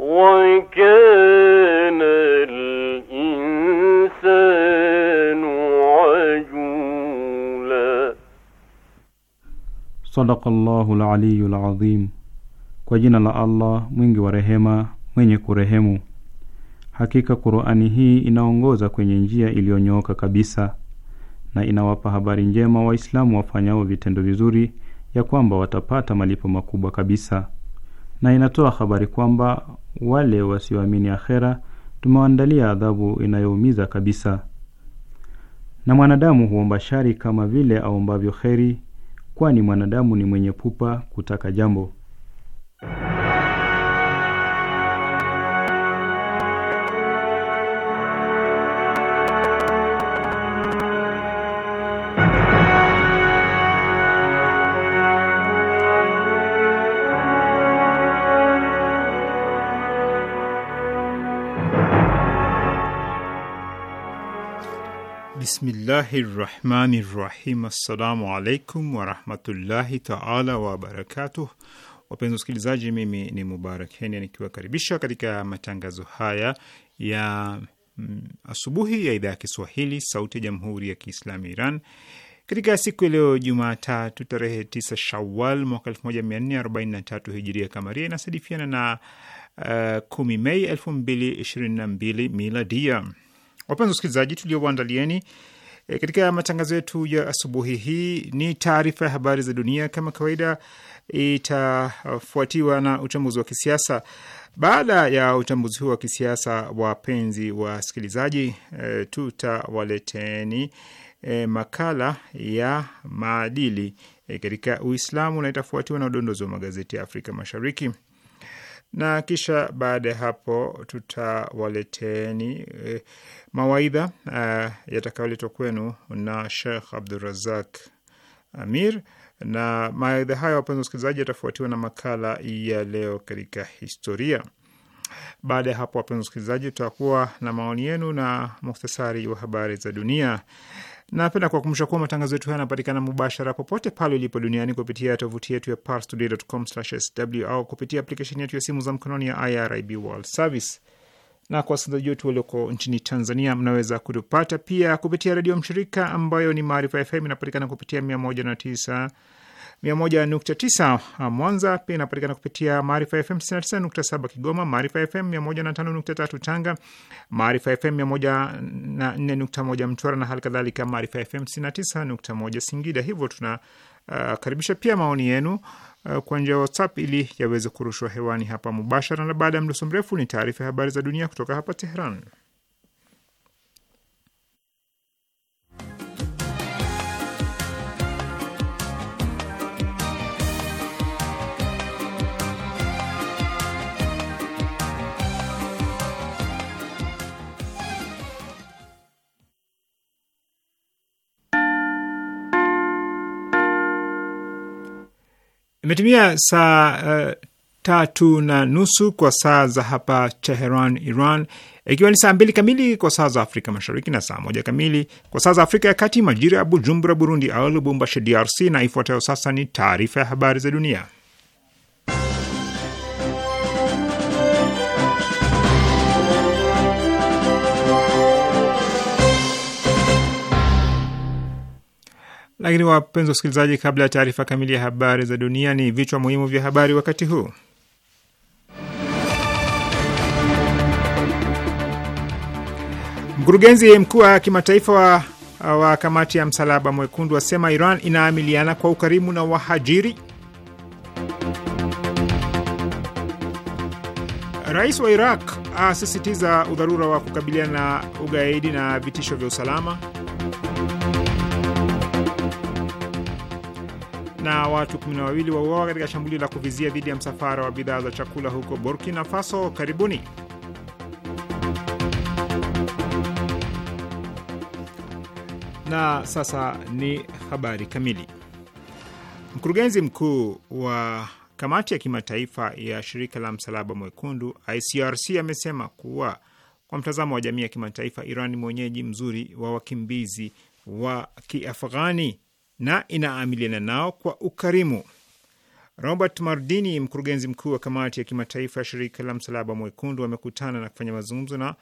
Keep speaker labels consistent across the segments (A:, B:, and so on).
A: وكان الإنسان عجولا
B: Kwa jina la Allah mwingi wa rehema mwenye kurehemu. Hakika Qur'ani hii inaongoza kwenye njia iliyonyooka kabisa na inawapa habari njema Waislamu wafanyao vitendo vizuri ya kwamba watapata malipo makubwa kabisa, na inatoa habari kwamba wale wasioamini akhera tumewaandalia adhabu inayoumiza kabisa. Na mwanadamu huomba shari kama vile aombavyo kheri, kwani mwanadamu ni mwenye pupa kutaka jambo. Bismillahi rahmani rahim. Assalamu alaikum warahmatullahi taala wabarakatuh. Wapenzi wasikilizaji, mimi ni Mubarak Heni nikiwakaribisha katika matangazo haya ya mm, asubuhi ya idhaa ya Kiswahili sauti ya jamhuri ya Kiislamu Iran katika siku ya leo Jumatatu tarehe 9 Shawal mwaka 1443 hijiria kamaria inasadifiana na uh, 10 Mei 2022 miladia. Wapenzi wasikilizaji, tuliowaandalieni E, katika matangazo yetu ya asubuhi hii ni taarifa ya habari za dunia kama kawaida, itafuatiwa na uchambuzi wa kisiasa. Baada ya uchambuzi huu wa kisiasa, wapenzi wasikilizaji, e, tutawaleteni e, makala ya maadili e, katika Uislamu na itafuatiwa na udondozi wa magazeti ya Afrika Mashariki na kisha baada ya hapo tutawaleteni e, mawaidha eh, yatakayoletwa kwenu na Shekh Abdurazak Amir na mawaidha hayo, wapenzi wasikilizaji, yatafuatiwa na makala ya leo katika historia. Baada ya hapo, wapenzi wasikilizaji, tutakuwa na maoni yenu na muhtasari wa habari za dunia. Napenda kuwakumbusha kuwa matangazo yetu haya yanapatikana mubashara popote pale ulipo duniani kupitia tovuti yetu ya parstoday.com/sw au kupitia aplikesheni yetu ya simu za mkononi ya IRIB World Service. Na kwa wasikilizaji wetu walioko nchini Tanzania, mnaweza kutupata pia kupitia redio mshirika ambayo ni Maarifa FM, inapatikana kupitia 19 101.9 uh, Mwanza. Pia inapatikana kupitia Maarifa FM 99.7 Kigoma, Maarifa FM 105.3 Tanga, Maarifa FM 104.1 Mtwara na hali kadhalika Maarifa FM 99.1 Singida. Hivyo tunakaribisha uh, pia maoni yenu uh, kwa njia ya WhatsApp ili yaweze kurushwa hewani hapa mubashara, na baada ya mdoso mrefu ni taarifa ya habari za dunia kutoka hapa Tehran. Imetimia saa uh, tatu na nusu kwa saa za hapa Teheran, Iran, ikiwa ni saa mbili kamili kwa saa za Afrika Mashariki na saa moja kamili kwa saa za Afrika ya Kati, majira ya Bujumbura, Burundi, au Lubumbashi, DRC. Na ifuatayo sasa ni taarifa ya habari za dunia. Lakini wapenzi wasikilizaji, kabla ya taarifa kamili ya habari za dunia, ni vichwa muhimu vya habari wakati huu. Mkurugenzi mkuu wa kimataifa wa wa kamati ya msalaba mwekundu asema Iran inaamiliana kwa ukarimu na wahajiri. Rais wa Iraq asisitiza udharura wa kukabiliana na ugaidi na vitisho vya usalama. na watu 12 wauawa katika shambulio la kuvizia dhidi ya msafara wa bidhaa za chakula huko Burkina Faso. Karibuni. Na sasa ni habari kamili. Mkurugenzi mkuu wa kamati ya kimataifa ya shirika la msalaba mwekundu ICRC amesema kuwa kwa mtazamo wa jamii ya kimataifa, Iran ni mwenyeji mzuri wa wakimbizi wa Kiafghani na inaamiliana nao kwa ukarimu. Robert Mardini, mkurugenzi mkuu wa kamati ya kimataifa ya shirika la msalaba mwekundu, amekutana na kufanya mazungumzo na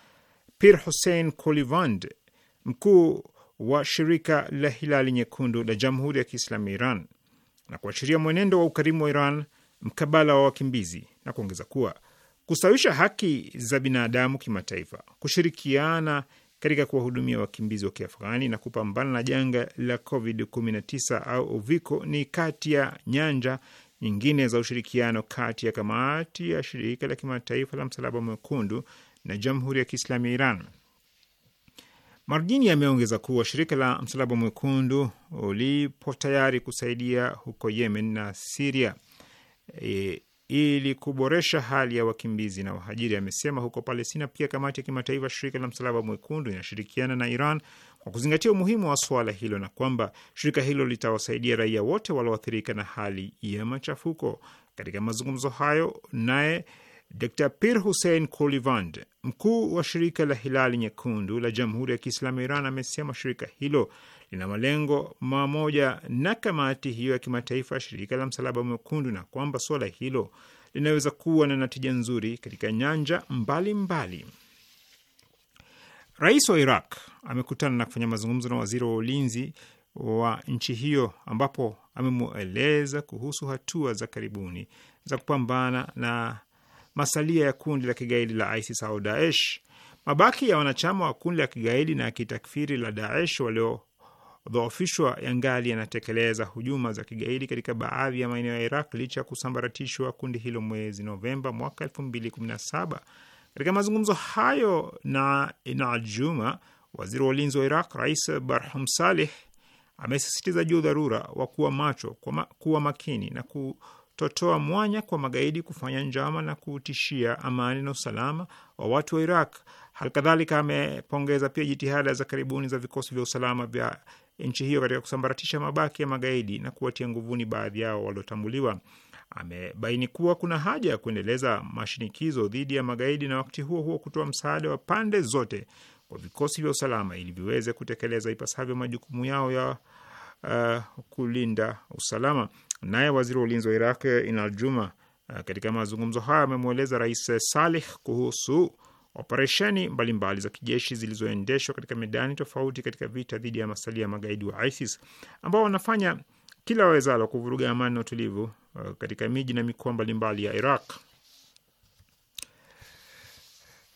B: Pir Hussein Kolivand, mkuu wa shirika la Hilali Nyekundu la Jamhuri ya Kiislamu ya Iran, na kuashiria mwenendo wa ukarimu wa Iran mkabala wa wakimbizi na kuongeza kuwa kusawisha haki za binadamu kimataifa, kushirikiana katika kuwahudumia wakimbizi wa Kiafghani na kupambana na janga la COVID-19 au uviko ni kati ya nyanja nyingine za ushirikiano kati ya kamati ya shirika la kimataifa la msalaba mwekundu na jamhuri ya Kiislamu ya Iran. Marjini ameongeza kuwa shirika la msalaba mwekundu lipo tayari kusaidia huko Yemen na Siria. E, ili kuboresha hali ya wakimbizi na wahajiri. Amesema huko Palestina pia kamati ya kimataifa shirika la msalaba mwekundu inashirikiana na Iran kwa kuzingatia umuhimu wa suala hilo na kwamba shirika hilo litawasaidia raia wote walioathirika na hali ya machafuko. Katika mazungumzo hayo naye Dr Pir Hussein Kolivand, mkuu wa shirika la Hilali Nyekundu la Jamhuri ya Kiislamu Iran, amesema shirika hilo lina malengo mamoja na kamati hiyo ya kimataifa ya shirika la msalaba mwekundu, na kwamba suala hilo linaweza kuwa na natija nzuri katika nyanja mbalimbali mbali. Rais wa Iraq amekutana na kufanya mazungumzo na waziri wa ulinzi wa nchi hiyo ambapo amemweleza kuhusu hatua za karibuni za kupambana na masalia ya kundi la kigaidi la ISIS au Daesh. Mabaki ya wanachama wa kundi la kigaidi na kitakfiri la Daesh walio kudhoofishwa yangali yanatekeleza hujuma za kigaidi katika baadhi ya maeneo ya Iraq licha ya kusambaratishwa kundi hilo mwezi Novemba mwaka 2017. Katika mazungumzo hayo na Najuma, waziri wa ulinzi wa Iraq Rais Barham Saleh amesisitiza juu dharura wa kuwa macho, kuwa makini na kutotoa mwanya kwa magaidi kufanya njama na kutishia amani na usalama wa watu wa Iraq. Halikadhalika amepongeza pia jitihada za karibuni za vikosi vya usalama vya nchi hiyo katika kusambaratisha mabaki ya magaidi na kuwatia nguvuni baadhi yao waliotambuliwa. Amebaini kuwa kuna haja ya kuendeleza mashinikizo dhidi ya magaidi na wakati huo huo kutoa msaada wa pande zote kwa vikosi vya usalama ili viweze kutekeleza ipasavyo majukumu yao ya uh, kulinda usalama. Naye waziri wa ulinzi wa Iraq Inal Juma, uh, katika mazungumzo hayo amemweleza Rais Saleh kuhusu Operesheni mbalimbali za kijeshi zilizoendeshwa katika medani tofauti katika vita dhidi ya masalia ya magaidi wa ISIS ambao wanafanya kila wawezalo kuvuruga amani na utulivu uh, katika miji na mikoa mbalimbali ya Iraq.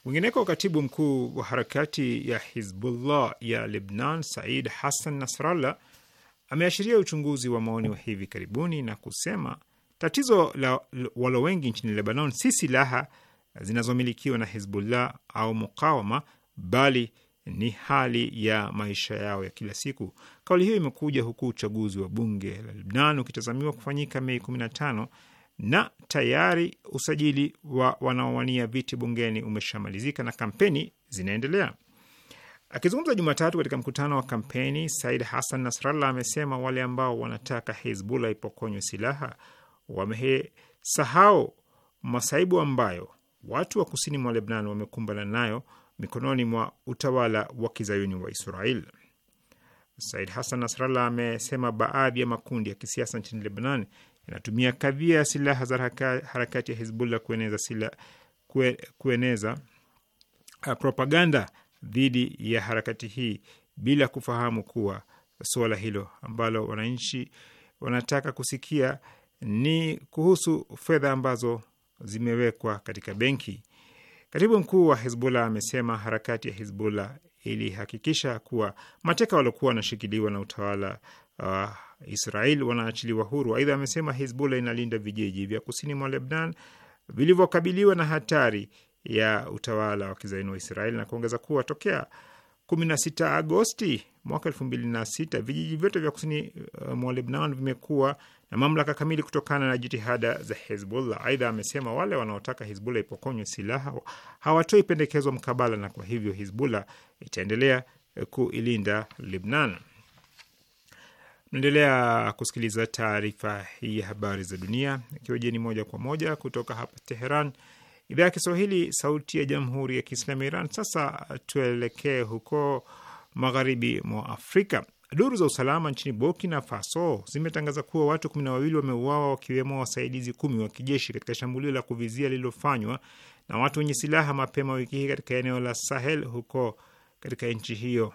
B: Wengineko, katibu mkuu wa harakati ya Hizbullah ya Lebnan, Said Hassan Nasrallah, ameashiria uchunguzi wa maoni wa hivi karibuni na kusema tatizo la walo wengi nchini Lebanon si silaha zinazomilikiwa na Hizbullah au mukawama, bali ni hali ya maisha yao ya kila siku. Kauli hiyo imekuja huku uchaguzi wa bunge la Lebnan ukitazamiwa kufanyika Mei 15 na tayari usajili wa wanaowania viti bungeni umeshamalizika na kampeni zinaendelea. Akizungumza Jumatatu katika mkutano wa kampeni, Said Hassan Nasrallah amesema wale ambao wanataka Hizbullah ipokonywe silaha wamesahau masaibu ambayo watu wa kusini mwa Lebnan wamekumbana nayo mikononi mwa utawala wa kizayuni wa Israel. Said Hassan Nasrallah amesema baadhi ya makundi ya kisiasa nchini Lebnan yanatumia kadhia ya silaha za harakati ya Hizbullah kueneza, sila, kue, kueneza uh, propaganda dhidi ya harakati hii bila kufahamu kuwa suala hilo ambalo wananchi wanataka kusikia ni kuhusu fedha ambazo zimewekwa katika benki. Katibu mkuu wa Hizbullah amesema harakati ya Hizbullah ilihakikisha kuwa mateka waliokuwa wanashikiliwa na utawala wa uh, Israel wanaachiliwa huru. Aidha amesema Hizbullah inalinda vijiji vya kusini mwa Lebnan vilivyokabiliwa na hatari ya utawala wa kizaini wa Israel na kuongeza kuwa tokea 16 Agosti mwaka elfu mbili na sita vijiji vyote vya kusini uh, mwa Lebnan vimekuwa na mamlaka kamili kutokana na jitihada za Hezbollah. Aidha amesema wale wanaotaka Hizbullah ipokonywe silaha hawatoi pendekezo mkabala, na kwa hivyo Hizbullah itaendelea eh, kuilinda Lebnan. Naendelea kusikiliza taarifa hii ya habari za dunia ikiwa jeni moja kwa moja kutoka hapa Teheran, idhaa ya Kiswahili, sauti ya jamhuri ya kiislamu ya Iran. Sasa tuelekee huko magharibi mwa Afrika. Duru za usalama nchini Burkina Faso zimetangaza kuwa watu kumi na wawili wameuawa wakiwemo wasaidizi kumi wa kijeshi katika shambulio la kuvizia lililofanywa na watu wenye silaha mapema wiki hii katika eneo la Sahel huko katika nchi hiyo.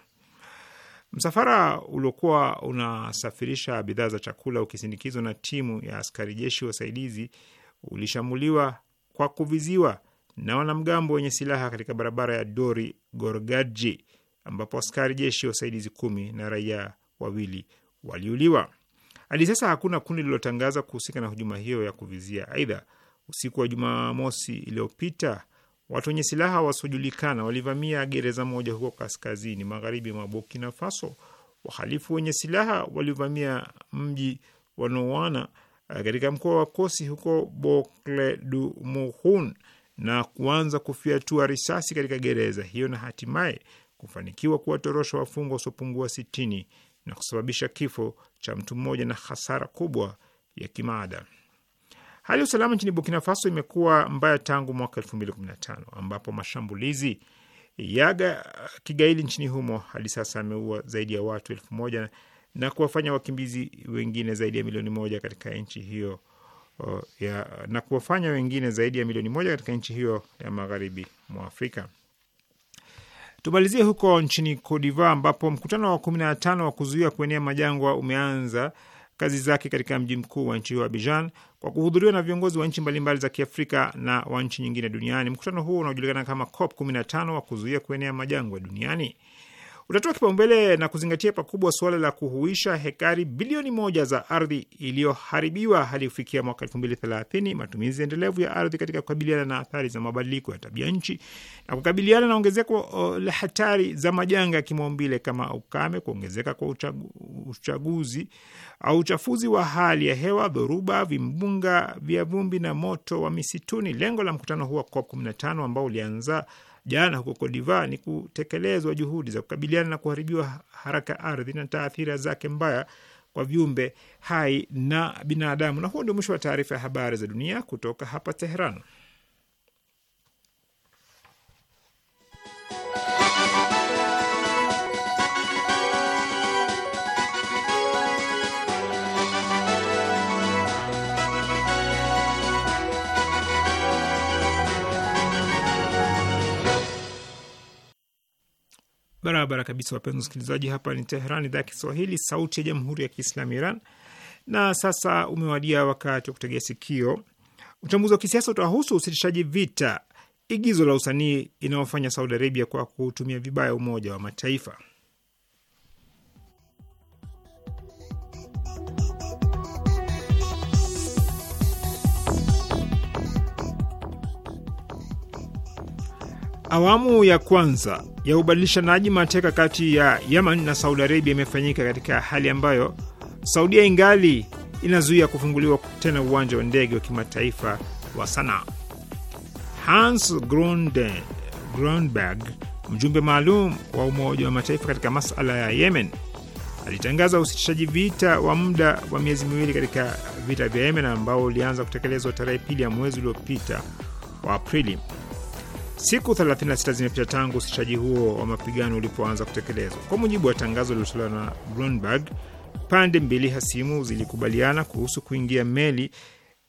B: Msafara uliokuwa unasafirisha bidhaa za chakula ukisindikizwa na timu ya askari jeshi wasaidizi ulishambuliwa kwa kuviziwa na wanamgambo wenye silaha katika barabara ya Dori gorgaji ambapo askari jeshi wasaidizi kumi na raia wawili waliuliwa. Hadi sasa hakuna kundi lililotangaza kuhusika na hujuma hiyo ya kuvizia. Aidha, usiku wa Jumamosi iliyopita watu wenye silaha wasiojulikana walivamia gereza moja huko kaskazini magharibi mwa Burkina Faso. Wahalifu wenye silaha walivamia mji wa Nouana eh, katika mkoa wa Kosi huko Bokle du Muhun na kuanza kufyatua risasi katika gereza hiyo na hatimaye kufanikiwa kuwatorosha wafungwa wasiopungua sitini na kusababisha kifo cha mtu mmoja na hasara kubwa ya kimaada. Hali ya usalama nchini Burkina Faso imekuwa mbaya tangu mwaka elfu mbili kumi na tano ambapo mashambulizi yaga kigaidi nchini humo hadi sasa ameua zaidi ya watu elfu moja na kuwafanya wakimbizi wengine zaidi ya milioni moja katika nchi hiyo ya, na kuwafanya wengine zaidi ya milioni moja katika nchi hiyo ya magharibi mwa Afrika. Tumalizie huko nchini Kodiva ambapo mkutano wa kumi na tano wa kuzuia kuenea majangwa umeanza kazi zake katika mji mkuu wa nchi hiyo Abidjan kwa kuhudhuriwa na viongozi wa nchi mbalimbali za Kiafrika na wa nchi nyingine duniani. Mkutano huo unaojulikana kama COP 15 wa kuzuia kuenea majangwa duniani utatoa kipaumbele na kuzingatia pakubwa suala la kuhuisha hekari bilioni moja za ardhi iliyoharibiwa hadi kufikia mwaka elfu mbili thelathini, matumizi endelevu ya ardhi katika kukabiliana na athari za mabadiliko ya tabia nchi na kukabiliana na ongezeko la hatari za majanga ya kimaumbile kama ukame, kuongezeka kwa uchagu, uchaguzi au uchafuzi wa hali ya hewa, dhoruba, vimbunga vya vumbi na moto wa misituni. Lengo la mkutano huu wa COP 15 ambao ulianza jana huko Kodiva ni kutekelezwa juhudi za kukabiliana na kuharibiwa haraka ardhi na taathira zake mbaya kwa viumbe hai na binadamu. Na huo ndio mwisho wa taarifa ya habari za dunia kutoka hapa Teheran. Barabara kabisa, wapenzi wasikilizaji, hapa ni Teheran, idhaa ya Kiswahili, sauti ya jamhuri ya kiislamu Iran. Na sasa umewadia wakati wa kutegea sikio uchambuzi wa kisiasa utahusu usitishaji vita, igizo la usanii inayofanya Saudi Arabia kwa kutumia vibaya Umoja wa Mataifa. Awamu ya kwanza ya ubadilishanaji mateka kati ya Yemen na Saudi Arabia imefanyika katika hali ambayo Saudia ingali inazuia kufunguliwa tena uwanja wa ndege wa kimataifa wa Sanaa. Hans Grundberg, mjumbe maalum wa Umoja wa Mataifa katika masala ya Yemen, alitangaza usitishaji vita wa muda wa miezi miwili katika vita vya Yemen ambao ulianza kutekelezwa tarehe pili ya mwezi uliopita wa Aprili. Siku 36 zimepita tangu usitishaji huo wa mapigano ulipoanza kutekelezwa. Kwa mujibu wa tangazo lililotolewa na Bloomberg, pande mbili hasimu zilikubaliana kuhusu kuingia meli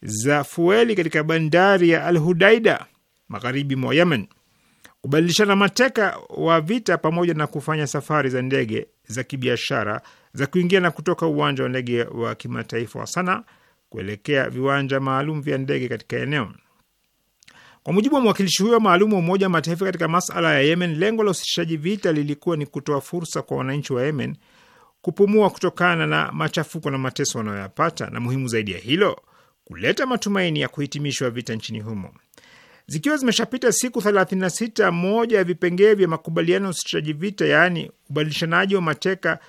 B: za fueli katika bandari ya Al Hudaida magharibi mwa Yemen, kubadilishana mateka wa vita pamoja na kufanya safari za ndege za kibiashara za kuingia na kutoka uwanja wa ndege wa kimataifa wa Sana kuelekea viwanja maalum vya ndege katika eneo kwa mujibu wa mwakilishi huyo maalum wa Umoja wa Mataifa katika masala ya Yemen, lengo la usitishaji vita lilikuwa ni kutoa fursa kwa wananchi wa Yemen kupumua kutokana na machafuko na mateso wanayoyapata, na muhimu zaidi ya hilo, kuleta matumaini ya kuhitimishwa vita nchini humo. Zikiwa zimeshapita siku 36, moja ya vipengee vya makubaliano ya usitishaji vita, yaani ubadilishanaji wa mateka,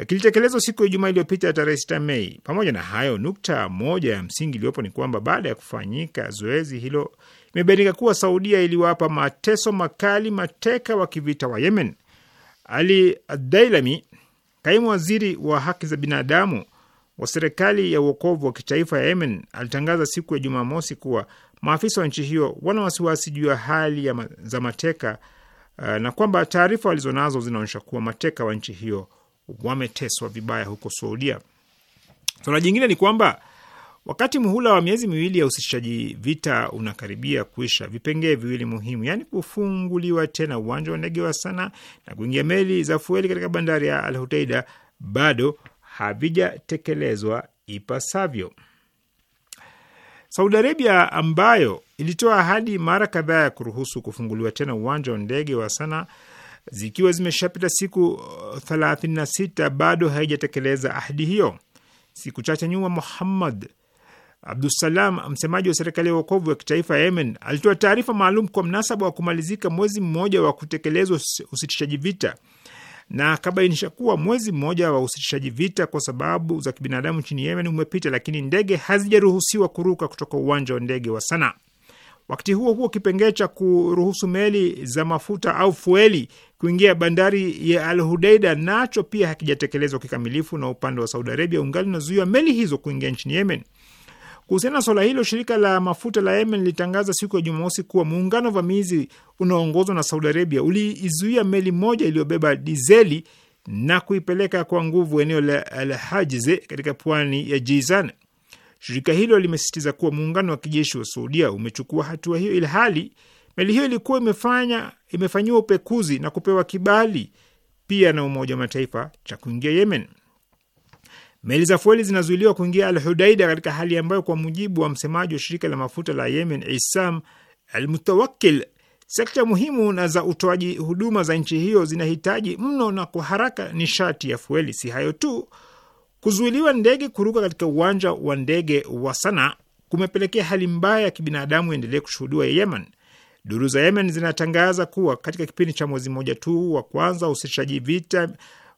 B: eh, kilitekelezwa siku ya Ijumaa iliyopita tarehe 6 Mei. Pamoja na hayo, nukta moja ya msingi iliyopo ni kwamba baada ya kufanyika zoezi hilo imebainika kuwa Saudia iliwapa mateso makali mateka wa kivita wa Yemen. Ali Dailami, kaimu waziri wa haki za binadamu wa serikali ya uokovu wa kitaifa ya Yemen, alitangaza siku ya Jumamosi kuwa maafisa wa nchi hiyo wana wasiwasi juu ya hali ya ma za mateka uh, na kwamba taarifa walizonazo zinaonyesha kuwa mateka wa nchi hiyo wameteswa vibaya huko Saudia. Suala jingine ni kwamba Wakati muhula wa miezi miwili ya usitishaji vita unakaribia kuisha, vipengee viwili muhimu, yaani kufunguliwa tena uwanja wa ndege wa sana na kuingia meli za fueli katika bandari ya Al Hudaida bado havijatekelezwa ipasavyo. Saudi Arabia ambayo ilitoa ahadi mara kadhaa ya kuruhusu kufunguliwa tena uwanja wa ndege wa Sana zikiwa zimeshapita siku 36 uh, bado haijatekeleza ahadi hiyo. Siku chache nyuma Muhammad Abdusalam, msemaji wa serikali ya uokovu wa kitaifa ya Yemen, alitoa taarifa maalum kwa mnasaba wa kumalizika mwezi mmoja wa kutekelezwa usitishaji vita na akabainisha kuwa mwezi mmoja wa usitishaji vita kwa sababu za kibinadamu nchini Yemen umepita, lakini ndege hazijaruhusiwa kuruka kutoka uwanja wa ndege wa Sana. Wakati huo huo, kipengee cha kuruhusu meli za mafuta au fueli kuingia bandari ya Al Hudaida nacho pia hakijatekelezwa kikamilifu, na upande wa Saudi Arabia ungali unazuia meli hizo kuingia nchini Yemen. Kuhusiana na swala hilo, shirika la mafuta la Yemen lilitangaza siku ya Jumamosi kuwa muungano vamizi unaoongozwa na Saudi Arabia uliizuia meli moja iliyobeba dizeli na kuipeleka kwa nguvu eneo la Al Hajize katika pwani ya Jizan. Shirika hilo limesisitiza kuwa muungano wa kijeshi wa Saudia umechukua hatua hiyo, ilhali meli hiyo ilikuwa imefanya imefanyiwa upekuzi na kupewa kibali pia na Umoja wa Mataifa cha kuingia Yemen. Meli za fueli zinazuiliwa kuingia Al Hudaida, katika hali ambayo kwa mujibu wa msemaji wa shirika la mafuta la Yemen Isam Al Mutawakil, sekta muhimu na za utoaji huduma za nchi hiyo zinahitaji mno na kwa haraka nishati ya fueli. Si hayo tu, kuzuiliwa ndege kuruka katika uwanja wa ndege wa sana kumepelekea hali mbaya ya kibinadamu iendelee kushuhudiwa Yemen. Duru za Yemen zinatangaza kuwa katika kipindi cha mwezi mmoja tu wa kwanza usitishaji vita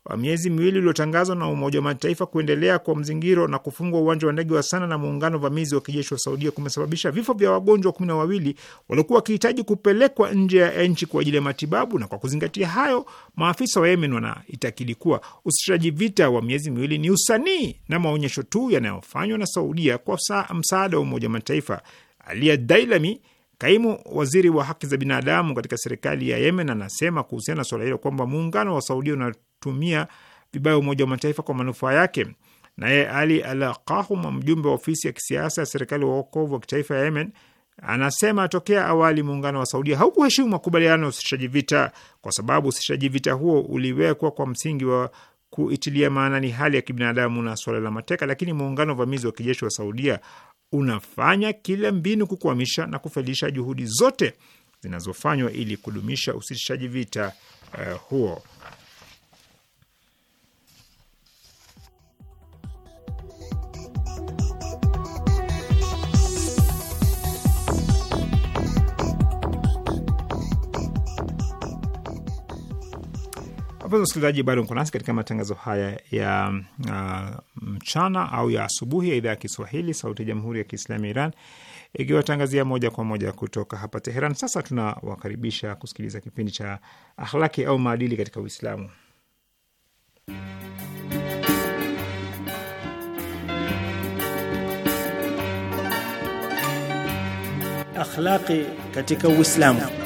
B: wa miezi miwili uliotangazwa na Umoja wa Mataifa kuendelea kwa mzingiro na kufungwa uwanja wa ndege wa Sana na muungano vamizi wa kijeshi wa Saudia kumesababisha vifo vya wagonjwa kumi na wawili waliokuwa wakihitaji kupelekwa nje ya nchi kwa ajili ya matibabu. Na kwa kuzingatia hayo, maafisa wa Yemen wanaitakidi kuwa usitishaji vita wa miezi miwili ni usanii na maonyesho tu yanayofanywa na Saudia kwa msaada wa Umoja wa Mataifa. Alia Dailami Kaimu waziri wa haki za binadamu katika serikali ya Yemen anasema kuhusiana na suala hilo kwamba muungano wa Saudia unatumia vibaya Umoja wa Mataifa kwa manufaa yake. Naye Ali Al mjumbe wa ofisi ya kisiasa ya serikali wa wokovu wa kitaifa ya Yemen, anasema tokea awali muungano wa Saudia haukuheshimu makubaliano ya usitishaji vita, kwa sababu usitishaji vita huo uliwekwa kwa msingi wa kuitilia maanani hali ya kibinadamu na suala la mateka, lakini muungano wa vamizi wa kijeshi wa Saudia unafanya kila mbinu kukwamisha na kufailisha juhudi zote zinazofanywa ili kudumisha usitishaji vita uh, huo. Wapenzi wasikilizaji, bado mko nasi katika matangazo haya ya uh, mchana au ya asubuhi ya idhaa ya Kiswahili sauti ya jamhuri ya Kiislamu ya Iran ikiwatangazia moja kwa moja kutoka hapa Teheran. Sasa tunawakaribisha kusikiliza kipindi cha akhlaki au maadili katika Uislamu. Akhlaqi katika Uislamu.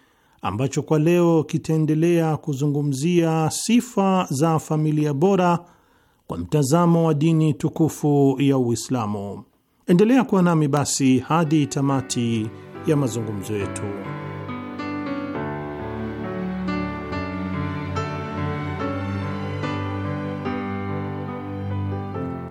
C: ambacho kwa leo kitaendelea kuzungumzia sifa za familia bora kwa mtazamo wa dini tukufu ya Uislamu. Endelea kuwa nami basi hadi tamati ya mazungumzo yetu.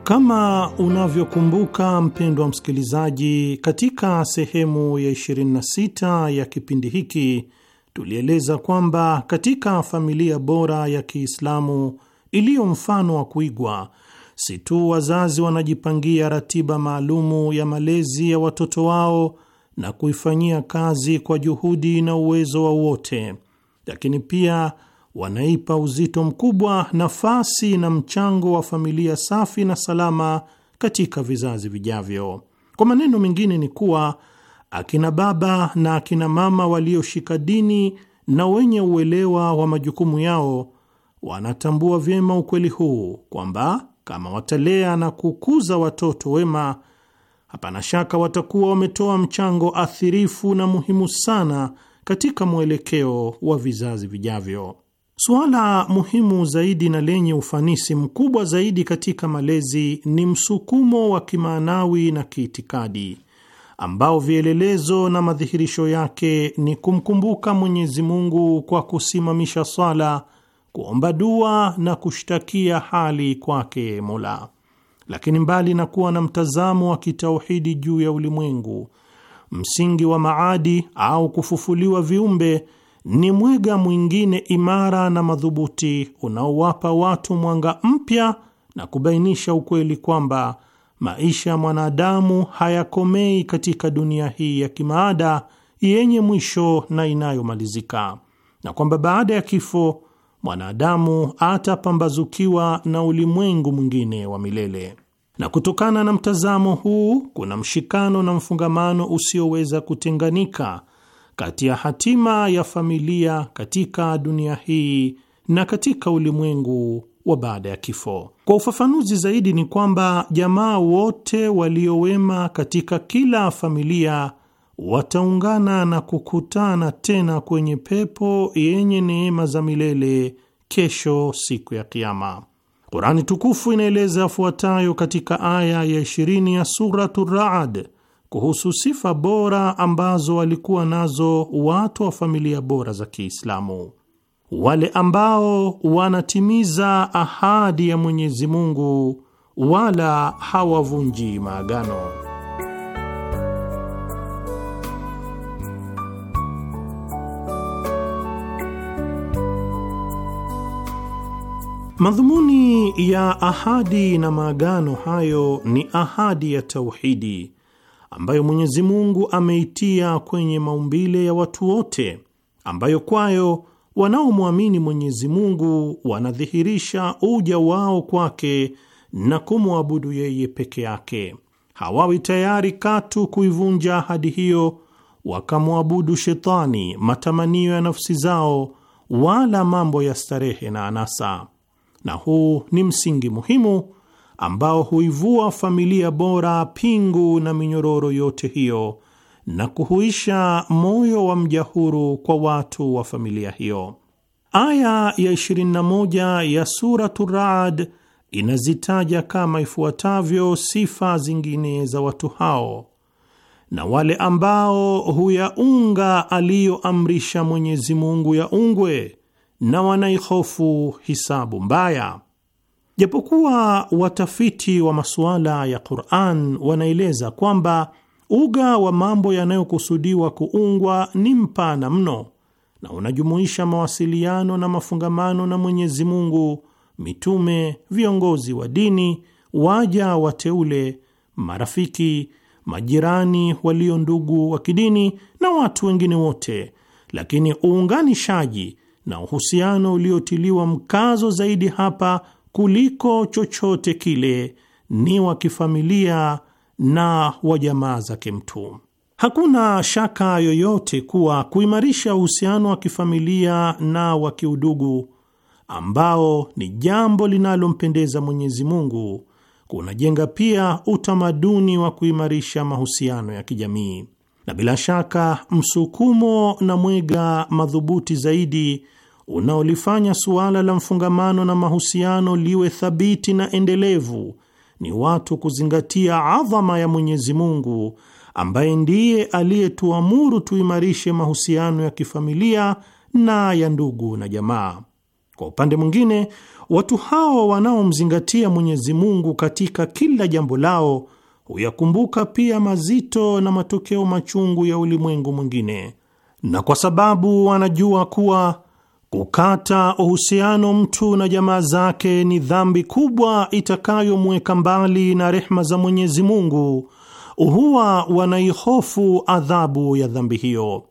C: Kama unavyokumbuka mpendwa msikilizaji, katika sehemu ya 26 ya kipindi hiki tulieleza kwamba katika familia bora ya Kiislamu iliyo mfano wa kuigwa, si tu wazazi wanajipangia ratiba maalumu ya malezi ya watoto wao na kuifanyia kazi kwa juhudi na uwezo wa wote, lakini pia wanaipa uzito mkubwa nafasi na mchango wa familia safi na salama katika vizazi vijavyo. Kwa maneno mengine ni kuwa akina baba na akina mama walioshika dini na wenye uelewa wa majukumu yao wanatambua vyema ukweli huu kwamba kama watalea na kukuza watoto wema, hapana shaka watakuwa wametoa mchango athirifu na muhimu sana katika mwelekeo wa vizazi vijavyo. Suala muhimu zaidi na lenye ufanisi mkubwa zaidi katika malezi ni msukumo wa kimaanawi na kiitikadi ambao vielelezo na madhihirisho yake ni kumkumbuka Mwenyezi Mungu kwa kusimamisha swala, kuomba dua na kushtakia hali kwake Mola. Lakini mbali na kuwa na mtazamo wa kitauhidi juu ya ulimwengu, msingi wa maadi au kufufuliwa viumbe ni mwega mwingine imara na madhubuti unaowapa watu mwanga mpya na kubainisha ukweli kwamba maisha ya mwanadamu hayakomei katika dunia hii ya kimaada yenye mwisho na inayomalizika, na kwamba baada ya kifo mwanadamu atapambazukiwa na ulimwengu mwingine wa milele. Na kutokana na mtazamo huu, kuna mshikano na mfungamano usioweza kutenganika kati ya hatima ya familia katika dunia hii na katika ulimwengu wa baada ya kifo. Kwa ufafanuzi zaidi ni kwamba jamaa wote waliowema katika kila familia wataungana na kukutana tena kwenye pepo yenye neema za milele kesho siku ya kiama Kurani tukufu inaeleza yafuatayo katika aya ya 20 ya Suratu Raad kuhusu sifa bora ambazo walikuwa nazo watu wa familia bora za Kiislamu wale ambao wanatimiza ahadi ya Mwenyezi Mungu wala hawavunji maagano. Madhumuni ya ahadi na maagano hayo ni ahadi ya tauhidi ambayo Mwenyezi Mungu ameitia kwenye maumbile ya watu wote, ambayo kwayo wanaomwamini Mwenyezi Mungu wanadhihirisha uja wao kwake na kumwabudu yeye peke yake. Hawawi tayari katu kuivunja ahadi hiyo wakamwabudu shetani, matamanio ya nafsi zao, wala mambo ya starehe na anasa. Na huu ni msingi muhimu ambao huivua familia bora pingu na minyororo yote hiyo na kuhuisha moyo wa mja huru kwa watu wa familia hiyo. Aya ya 21 ya Suratu Raad inazitaja kama ifuatavyo sifa zingine za watu hao: na wale ambao huyaunga aliyoamrisha Mwenyezi Mungu ungwe na wanaihofu hisabu mbaya. Japokuwa watafiti wa masuala ya Qur'an wanaeleza kwamba Uga wa mambo yanayokusudiwa kuungwa ni mpana mno na unajumuisha mawasiliano na mafungamano na Mwenyezi Mungu, mitume, viongozi wa dini, waja wateule, marafiki, majirani walio ndugu wa kidini na watu wengine wote, lakini uunganishaji na uhusiano uliotiliwa mkazo zaidi hapa kuliko chochote kile ni wa kifamilia na wa jamaa zake mtu. Hakuna shaka yoyote kuwa kuimarisha uhusiano wa kifamilia na wa kiudugu ambao ni jambo linalompendeza Mwenyezi Mungu kunajenga pia utamaduni wa kuimarisha mahusiano ya kijamii, na bila shaka msukumo na mwega madhubuti zaidi unaolifanya suala la mfungamano na mahusiano liwe thabiti na endelevu ni watu kuzingatia adhama ya Mwenyezi Mungu ambaye ndiye aliyetuamuru tuimarishe mahusiano ya kifamilia na ya ndugu na jamaa. Kwa upande mwingine, watu hawa wanaomzingatia Mwenyezi Mungu katika kila jambo lao huyakumbuka pia mazito na matokeo machungu ya ulimwengu mwingine, na kwa sababu wanajua kuwa Kukata uhusiano mtu na jamaa zake ni dhambi kubwa itakayomweka mbali na rehma za Mwenyezi Mungu, huwa wanaihofu adhabu ya dhambi hiyo.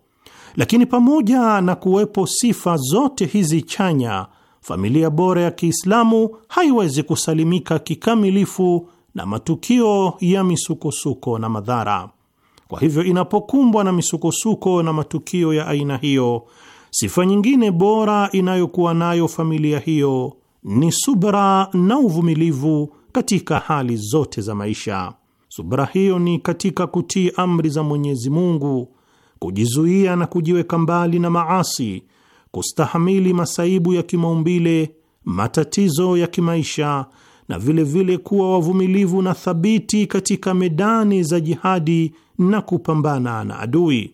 C: Lakini pamoja na kuwepo sifa zote hizi chanya, familia bora ya Kiislamu haiwezi kusalimika kikamilifu na matukio ya misukosuko na madhara. Kwa hivyo, inapokumbwa na misukosuko na matukio ya aina hiyo Sifa nyingine bora inayokuwa nayo familia hiyo ni subra na uvumilivu katika hali zote za maisha. Subra hiyo ni katika kutii amri za Mwenyezi Mungu, kujizuia na kujiweka mbali na maasi, kustahamili masaibu ya kimaumbile, matatizo ya kimaisha na vilevile vile kuwa wavumilivu na thabiti katika medani za jihadi na kupambana na adui.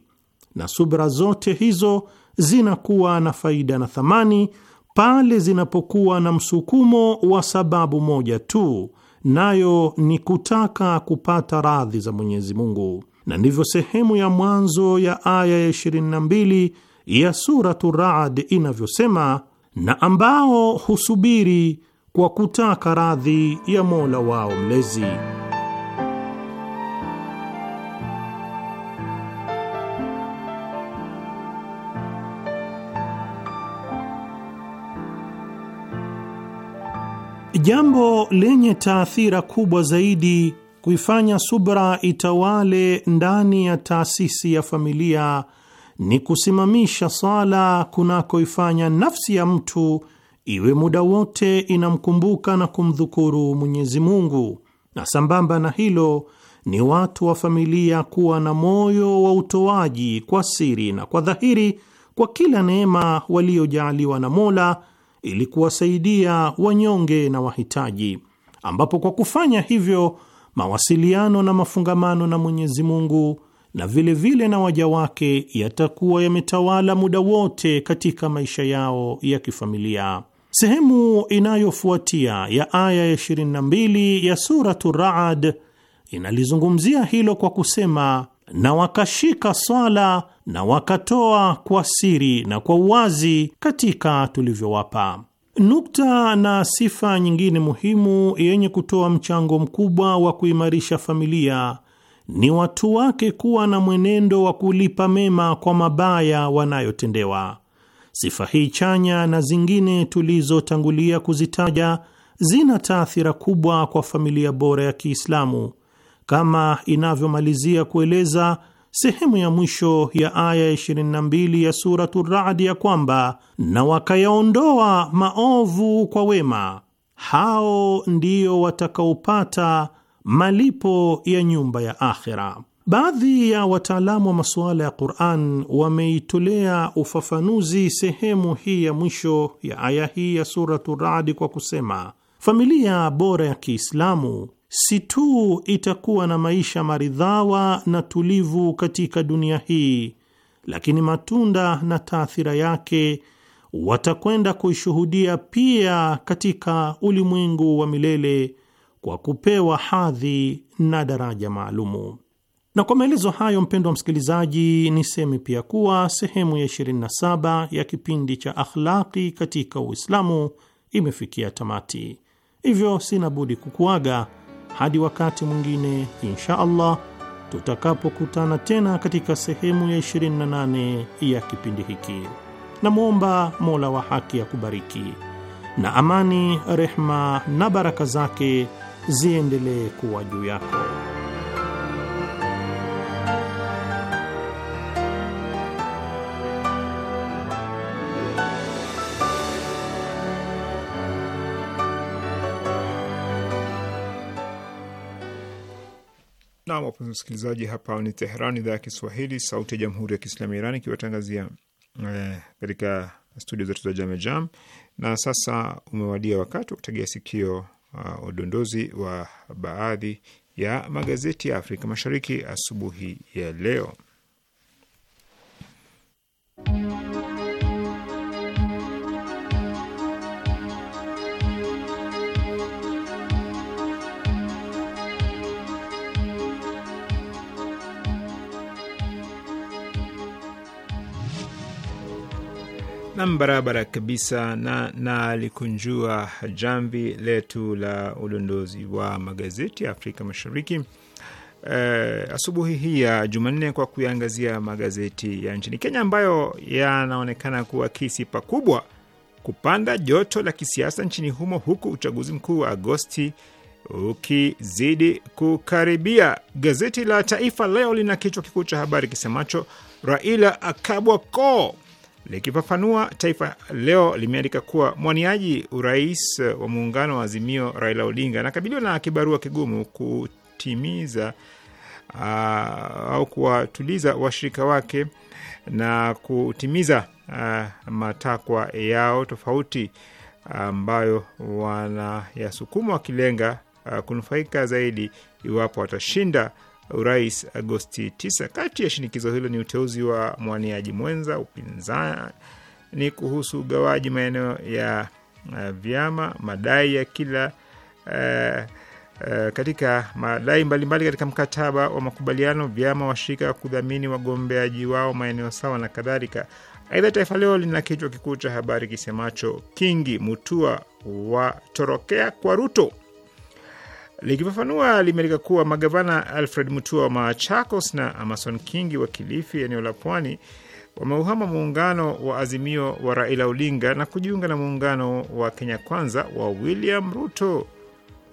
C: Na subra zote hizo zinakuwa na faida na thamani pale zinapokuwa na msukumo wa sababu moja tu, nayo ni kutaka kupata radhi za Mwenyezi Mungu. Na ndivyo sehemu ya mwanzo ya aya ya 22 ya Suratu Raad inavyosema, na ambao husubiri kwa kutaka radhi ya Mola wao mlezi. Jambo lenye taathira kubwa zaidi kuifanya subra itawale ndani ya taasisi ya familia ni kusimamisha sala kunakoifanya nafsi ya mtu iwe muda wote inamkumbuka na kumdhukuru Mwenyezi Mungu, na sambamba na hilo ni watu wa familia kuwa na moyo wa utoaji kwa siri na kwa dhahiri kwa kila neema waliojaaliwa na Mola ili kuwasaidia wanyonge na wahitaji, ambapo kwa kufanya hivyo mawasiliano na mafungamano na Mwenyezi Mungu na vilevile vile na waja wake yatakuwa yametawala muda wote katika maisha yao ya kifamilia. Sehemu inayofuatia ya aya ya 22 ya Suratu Raad inalizungumzia hilo kwa kusema na wakashika swala na wakatoa kwa siri na kwa uwazi katika tulivyowapa. Nukta na sifa nyingine muhimu yenye kutoa mchango mkubwa wa kuimarisha familia ni watu wake kuwa na mwenendo wa kulipa mema kwa mabaya wanayotendewa. Sifa hii chanya na zingine tulizotangulia kuzitaja zina taathira kubwa kwa familia bora ya Kiislamu kama inavyomalizia kueleza sehemu ya mwisho ya aya 22 ya Suratur Ra'd ya kwamba, na wakayaondoa maovu kwa wema, hao ndio watakaopata malipo ya nyumba ya akhira. Baadhi ya wataalamu wa masuala ya Qur'an wameitolea ufafanuzi sehemu hii ya mwisho ya aya hii ya suratu Ra'd kwa kusema, familia bora ya Kiislamu si tu itakuwa na maisha maridhawa na tulivu katika dunia hii, lakini matunda na taathira yake watakwenda kuishuhudia pia katika ulimwengu wa milele kwa kupewa hadhi na daraja maalumu. Na kwa maelezo hayo, mpendwa msikilizaji, niseme pia kuwa sehemu ya 27 ya kipindi cha akhlaqi katika Uislamu imefikia tamati, hivyo sina budi kukuaga hadi wakati mwingine insha Allah tutakapokutana tena katika sehemu ya 28 ya kipindi hiki. Namwomba Mola wa haki akubariki, na amani, rehma na baraka zake ziendelee kuwa juu yako.
B: Nam, wapenzi msikilizaji, hapa ni Teheran, idhaa ya Kiswahili, sauti ya jamhuri ya kiislamu ya Iran ikiwatangazia eh, katika studio zetu za Jamejam. Na sasa umewadia wakati wa kutegea sikio uh, udondozi wa baadhi ya magazeti ya Afrika Mashariki asubuhi ya leo. Nam, barabara kabisa na nalikunjua jamvi letu la udondozi wa magazeti ya Afrika Mashariki eh, asubuhi hii ya Jumanne kwa kuyaangazia magazeti ya nchini Kenya ambayo yanaonekana kuwa kisi pakubwa kupanda joto la kisiasa nchini humo huku uchaguzi mkuu wa Agosti ukizidi kukaribia. Gazeti la Taifa Leo lina kichwa kikuu cha habari kisemacho Raila akabwa koo Likifafanua, Taifa Leo limeandika kuwa mwaniaji urais wa muungano wa Azimio Raila Odinga anakabiliwa na kibarua kigumu kutimiza uh, au kuwatuliza washirika wake na kutimiza uh, matakwa yao tofauti ambayo uh, wanayasukuma wakilenga uh, kunufaika zaidi iwapo watashinda urais Agosti 9. Kati ya shinikizo hilo ni uteuzi wa mwaniaji mwenza upinzani kuhusu ugawaji maeneo ya uh, vyama, madai ya kila uh, uh, katika madai mbalimbali katika mkataba wa makubaliano, vyama washirika kudhamini wagombeaji wao maeneo sawa na kadhalika. Aidha, Taifa Leo lina kichwa kikuu cha habari kisemacho Kingi Mutua watorokea kwa Ruto. Likifafanua, limeeleza kuwa magavana Alfred Mutua wa Machakos na Amason Kingi wa Kilifi, eneo la Pwani, wameuhama muungano wa Azimio wa Raila Odinga na kujiunga na muungano wa Kenya Kwanza wa William Ruto.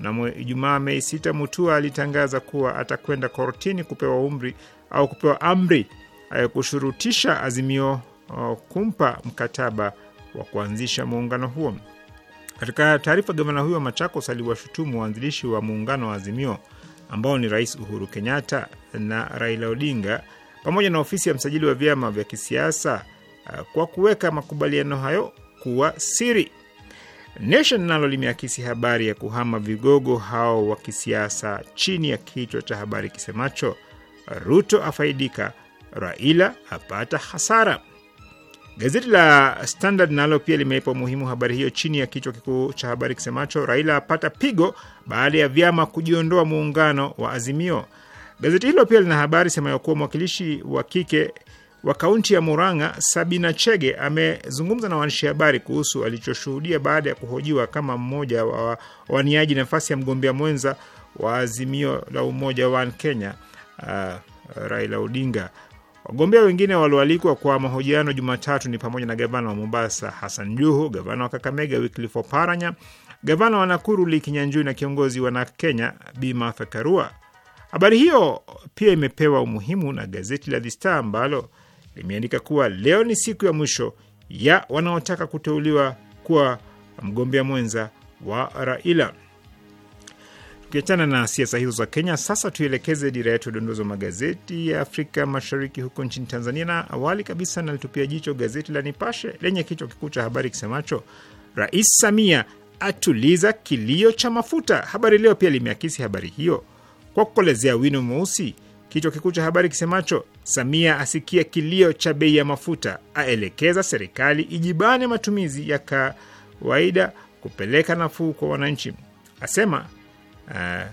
B: Mnamo Ijumaa Mei sita, Mutua alitangaza kuwa atakwenda kortini kupewa umri au kupewa amri ya kushurutisha Azimio uh, kumpa mkataba wa kuanzisha muungano huo. Katika taarifa, gavana huyo wa Machakos aliwashutumu waanzilishi wa muungano wa Azimio ambao ni Rais Uhuru Kenyatta na Raila Odinga pamoja na ofisi ya msajili wa vyama vya kisiasa eh, kwa kuweka makubaliano hayo kuwa siri. Nation nalo limeakisi habari ya kuhama vigogo hao wa kisiasa chini ya kichwa cha habari kisemacho Ruto afaidika, Raila apata hasara. Gazeti la Standard nalo pia limeipa umuhimu habari hiyo chini ya kichwa kikuu cha habari kisemacho Raila apata pigo baada ya vyama kujiondoa muungano wa Azimio. Gazeti hilo pia lina habari semayo kuwa mwakilishi wa kike wa kaunti ya Murang'a Sabina Chege amezungumza na waandishi habari kuhusu alichoshuhudia baada ya kuhojiwa kama mmoja wa waniaji nafasi ya mgombea mwenza wa Azimio la Umoja wa Kenya, uh, Raila Odinga. Wagombea wengine walioalikwa kwa mahojiano Jumatatu ni pamoja na gavana wa Mombasa Hassan Juhu, gavana wa Kakamega Wycliffe Oparanya, gavana wa Nakuru Lee Kinyanjui na kiongozi wa kenya Bi Martha Karua. Habari hiyo pia imepewa umuhimu na gazeti la The Star ambalo limeandika kuwa leo ni siku ya mwisho ya wanaotaka kuteuliwa kuwa mgombea mwenza wa Raila. Tukiachana na siasa hizo za Kenya, sasa tuielekeze dira yetu ya udondozi wa magazeti ya Afrika Mashariki, huko nchini Tanzania, na awali kabisa nalitupia jicho gazeti la Nipashe lenye kichwa kikuu cha habari kisemacho Rais Samia atuliza kilio cha mafuta. Habari Leo pia limeakisi habari hiyo kwa kukolezea wino mweusi, kichwa kikuu cha habari kisemacho Samia asikia kilio cha bei ya mafuta, aelekeza serikali ijibane matumizi ya kawaida kupeleka nafuu kwa wananchi, asema uh,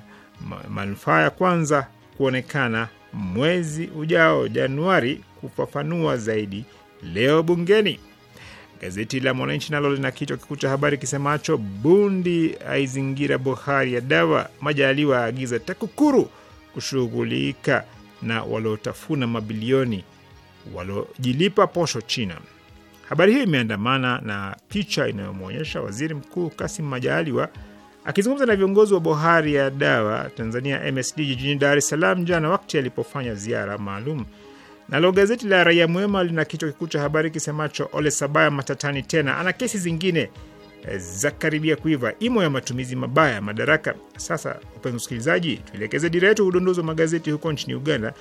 B: manufaa ya kwanza kuonekana mwezi ujao Januari. Kufafanua zaidi leo bungeni. Gazeti la Mwananchi nalo lina kichwa kikuu cha habari kisemacho bundi aizingira bohari ya dawa, Majaliwa aagiza TAKUKURU kushughulika na waliotafuna mabilioni waliojilipa posho China. Habari hiyo imeandamana na picha inayomwonyesha waziri mkuu Kasim Majaliwa Akizungumza na viongozi wa bohari ya dawa Tanzania MSD jijini Dar es Salaam jana wakati alipofanya ziara maalum. Nalo gazeti la Raia Mwema lina kichwa kikuu cha habari kisemacho Ole Sabaya matatani tena, ana kesi zingine eh, za karibia kuiva, imo ya matumizi mabaya ya madaraka. Sasa upenzi msikilizaji, tuelekeze dira yetu udondozi wa magazeti huko nchini Uganda,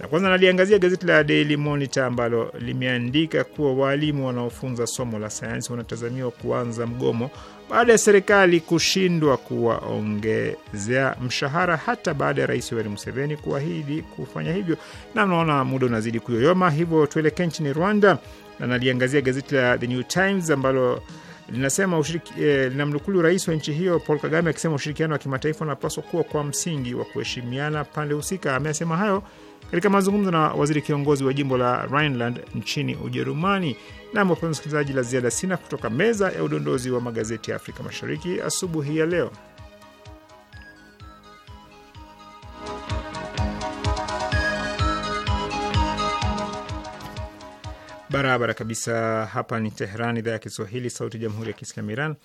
B: na kwanza naliangazia gazeti la Daily Monitor ambalo limeandika kuwa waalimu wanaofunza somo la sayansi wanatazamiwa kuanza mgomo baada ya serikali kushindwa kuwaongezea mshahara hata baada ya rais Yoweri Museveni kuahidi kufanya hivyo. Na mnaona muda unazidi kuyoyoma, hivyo tuelekee nchini Rwanda na naliangazia gazeti la The New Times ambalo linasema ushiriki, eh, linamnukulu rais wa nchi hiyo Paul Kagame akisema ushirikiano wa kimataifa unapaswa kuwa kwa msingi wa kuheshimiana pande husika. ameasema hayo katika mazungumzo na waziri kiongozi wa jimbo la Rhineland nchini Ujerumani. Na mwape msikilizaji, la ziada sina kutoka meza ya udondozi wa magazeti ya Afrika Mashariki asubuhi ya leo. Barabara kabisa. Hapa ni Teheran, idhaa ya Kiswahili, sauti ya jamhuri ya kiislamu Iran.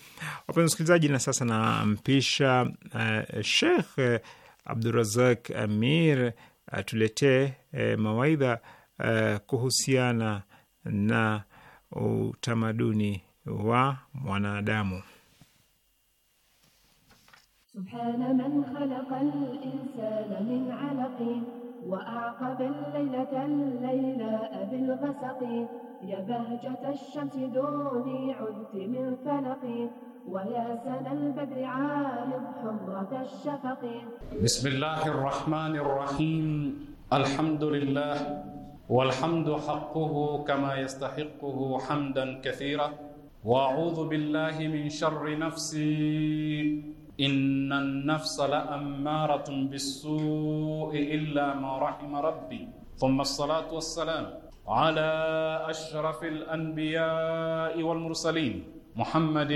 B: Wapenzi msikilizaji, na sasa nampisha uh, eh, Shekh uh, eh, Abdurazak Amir atuletee eh, uh, uh, mawaidha uh, kuhusiana na utamaduni wa mwanadamu.
A: Subhana man khalaqa
B: al-insana min 'alaqi wa aqaba al-laylata al-layla
A: bil-ghasaqin ya bahjata ash-shamsi duni 'udti min wa ya sana al-badri 'alib الشفق ash-shafaqi
D: Bismillahir Rahmanir Rahim Alhamdulillah والحمد حقه كما يستحقه حمدا كثيرا واعوذ بالله من شر نفسي ان النفس لاماره بالسوء الا ما رحم ربي ثم الصلاه والسلام على اشرف الانبياء والمرسلين محمد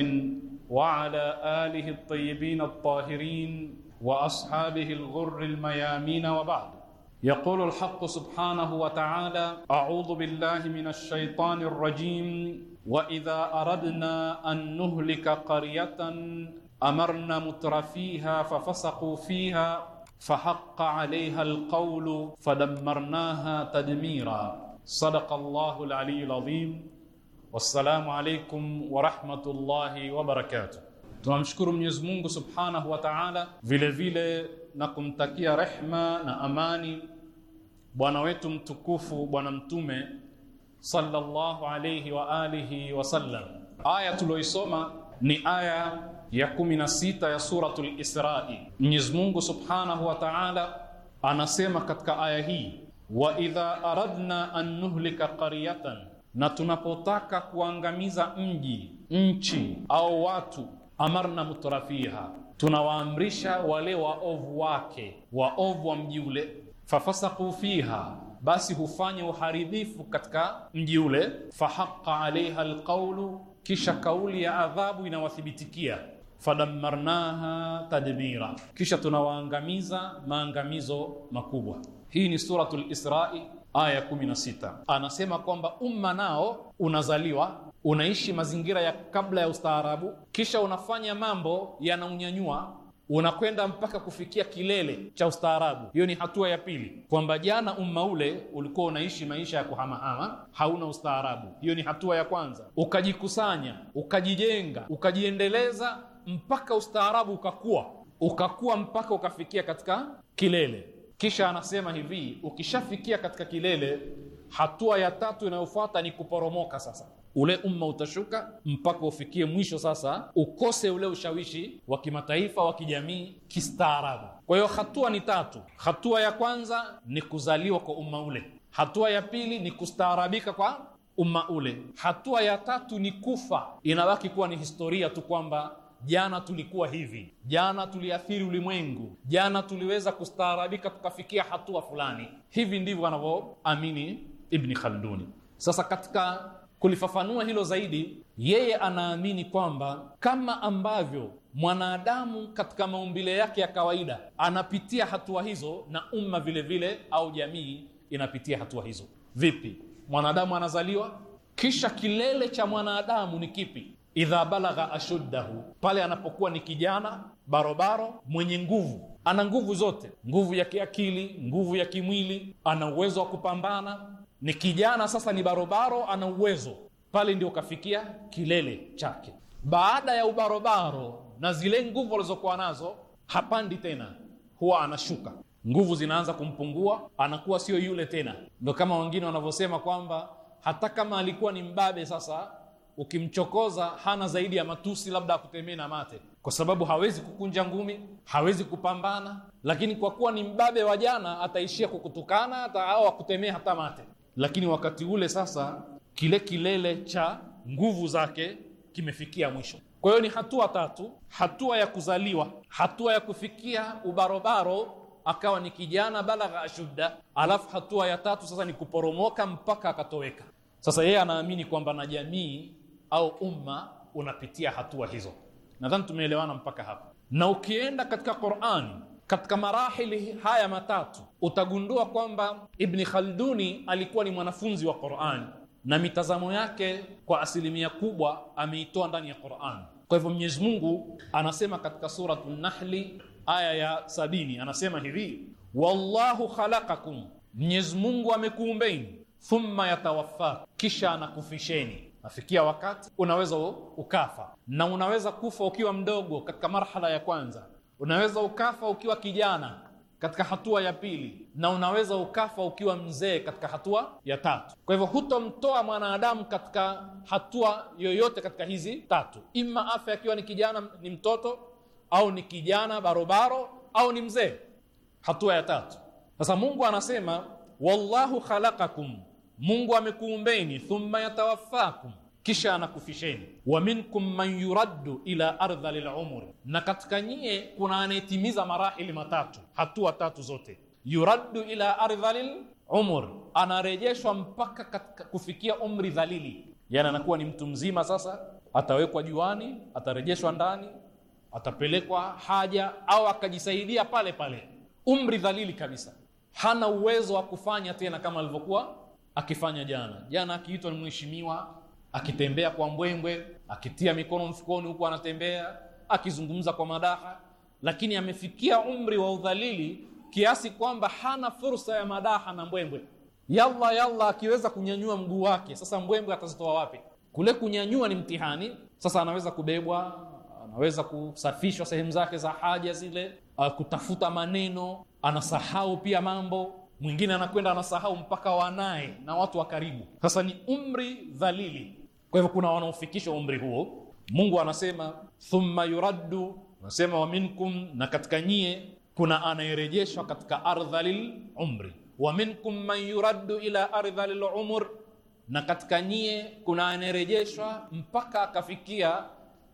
D: وعلى اله الطيبين الطاهرين واصحابه الغر الميامين وبعد يقول الحق سبحانه وتعالى اعوذ بالله من الشيطان الرجيم واذا اردنا ان نهلك قريه امرنا متر فيها ففسقوا فيها فحق عليها القول فدمرناها تدميرا صدق الله العلي العظيم والسلام عليكم ورحمه الله وبركاته tunamshukuru mwenyezi mungu subhanahu wa taala vile vile na kumtakia rehma na amani bwana wetu mtukufu bwana mtume sallallahu alayhi wa alihi sallam. Aya tuloisoma ni aya ya 16 ya suratul Israi. Mwenyezi Mungu subhanahu wa ta'ala anasema katika aya hii, wa idha aradna an nuhlika qaryatan, na tunapotaka kuangamiza mji, nchi au watu, amarna mutrafiha, tunawaamrisha wale waovu wake, waovu wa mji ule fafasaku fiha, basi hufanya uharibifu katika mji ule. Fahaqa alaiha alqaulu, kisha kauli ya adhabu inawathibitikia. Fadammarnaha tadmira, kisha tunawaangamiza maangamizo makubwa. Hii ni suratu lisrai aya 16. Anasema kwamba umma nao unazaliwa unaishi mazingira ya kabla ya ustaarabu, kisha unafanya mambo yanaunyanyua unakwenda mpaka kufikia kilele cha ustaarabu. Hiyo ni hatua ya pili, kwamba jana umma ule ulikuwa unaishi maisha ya kuhamahama, hauna ustaarabu. Hiyo ni hatua ya kwanza, ukajikusanya, ukajijenga, ukajiendeleza mpaka ustaarabu ukakua, ukakua mpaka ukafikia katika kilele. Kisha anasema hivi, ukishafikia katika kilele, hatua ya tatu inayofuata ni kuporomoka sasa ule umma utashuka mpaka ufikie mwisho, sasa ukose ule ushawishi wa kimataifa, wa kijamii, kistaarabu. Kwa hiyo hatua ni tatu. Hatua ya kwanza ni kuzaliwa kwa umma ule, hatua ya pili ni kustaarabika kwa umma ule, hatua ya tatu ni kufa. Inabaki kuwa ni historia tu kwamba jana tulikuwa hivi, jana tuliathiri ulimwengu, jana tuliweza kustaarabika tukafikia hatua fulani. Hivi ndivyo anavyoamini Ibni Khalduni. Sasa katika Kulifafanua hilo zaidi, yeye anaamini kwamba kama ambavyo mwanadamu katika maumbile yake ya kawaida anapitia hatua hizo, na umma vilevile vile au jamii inapitia hatua hizo. Vipi? Mwanadamu anazaliwa, kisha kilele cha mwanadamu ni kipi? Idha balagha ashuddahu, pale anapokuwa ni kijana barobaro, mwenye nguvu ana nguvu zote, nguvu ya kiakili, nguvu ya kimwili, ana uwezo wa kupambana, ni kijana sasa, ni barobaro, ana uwezo pale, ndio kafikia kilele chake. Baada ya ubarobaro na zile nguvu alizokuwa nazo, hapandi tena, huwa anashuka, nguvu zinaanza kumpungua, anakuwa sio yule tena. Ndo kama wengine wanavyosema kwamba hata kama alikuwa ni mbabe, sasa ukimchokoza hana zaidi ya matusi, labda akutemee na mate, kwa sababu hawezi kukunja ngumi, hawezi kupambana. Lakini kwa kuwa ni mbabe wa jana, ataishia kukutukana hata au akutemee hata mate lakini wakati ule sasa kile kilele cha nguvu zake kimefikia mwisho. Kwa hiyo ni hatua tatu: hatua ya kuzaliwa, hatua ya kufikia ubarobaro akawa ni kijana balagha ashudda, alafu hatua ya tatu sasa ni kuporomoka mpaka akatoweka. Sasa yeye anaamini kwamba na jamii au umma unapitia hatua hizo. Nadhani tumeelewana mpaka hapa, na ukienda katika Qur'ani katika marahili haya matatu utagundua kwamba Ibni Khalduni alikuwa ni mwanafunzi wa Qurani na mitazamo yake kwa asilimia kubwa ameitoa ndani ya Qurani. Kwa hivyo Mwenyezi Mungu anasema katika Suratu Nahli aya ya sabini anasema hivi, wallahu khalakakum, Mwenyezi Mungu amekuumbeni, thumma yatawafaku kisha anakufisheni Nafikia wakati unaweza ukafa na unaweza kufa ukiwa mdogo katika marhala ya kwanza, Unaweza ukafa ukiwa kijana katika hatua ya pili, na unaweza ukafa ukiwa mzee katika hatua ya tatu. Kwa hivyo hutomtoa mwanadamu katika hatua yoyote katika hizi tatu, ima afya akiwa ni kijana, ni mtoto, au ni kijana barobaro, au ni mzee, hatua ya tatu. Sasa Mungu anasema wallahu khalaqakum, Mungu amekuumbeni, thumma yatawaffakum kisha anakufisheni, wa minkum man yuraddu ila ardhali lumuri, na katika nyie kuna anayetimiza marahili matatu, hatua tatu zote. Yuraddu ila ardhali lumur, anarejeshwa mpaka katika kufikia umri dhalili, yani anakuwa ni mtu mzima sasa. Atawekwa juani, atarejeshwa ndani, atapelekwa haja au akajisaidia pale pale, umri dhalili kabisa, hana uwezo wa kufanya tena kama alivyokuwa akifanya jana. Jana akiitwa ni mheshimiwa akitembea kwa mbwembwe, akitia mikono mfukoni huku anatembea, akizungumza kwa madaha, lakini amefikia umri wa udhalili kiasi kwamba hana fursa ya madaha na mbwembwe. Yalla yalla, akiweza kunyanyua mguu wake, sasa mbwembwe atazitoa wapi? Kule kunyanyua ni mtihani. Sasa anaweza kubebwa, anaweza kusafishwa sehemu zake za haja zile, uh, kutafuta maneno, anasahau pia mambo mwingine anakwenda anasahau mpaka wanaye na watu wa karibu. Sasa ni umri dhalili. Kwa hivyo kuna wanaofikisha umri huo. Mungu anasema thumma yuraddu, anasema wa minkum, na katika nyie kuna anayerejeshwa katika ardhalil umri. Wa minkum man yuraddu ila ardhalil umur, na katika nyie kuna anayerejeshwa mpaka akafikia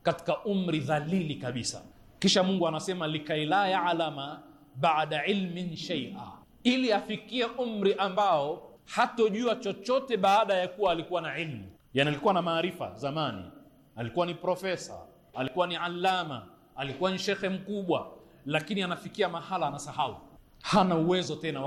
D: katika umri dhalili kabisa. Kisha Mungu anasema likaila yaalama baada ilmin shay'a, ili afikie umri ambao hatojua chochote baada ya kuwa alikuwa na ilmu yani alikuwa na maarifa zamani alikuwa ni profesa alikuwa ni alama alikuwa ni shekhe mkubwa lakini anafikia mahala anasahau hana uwezo tena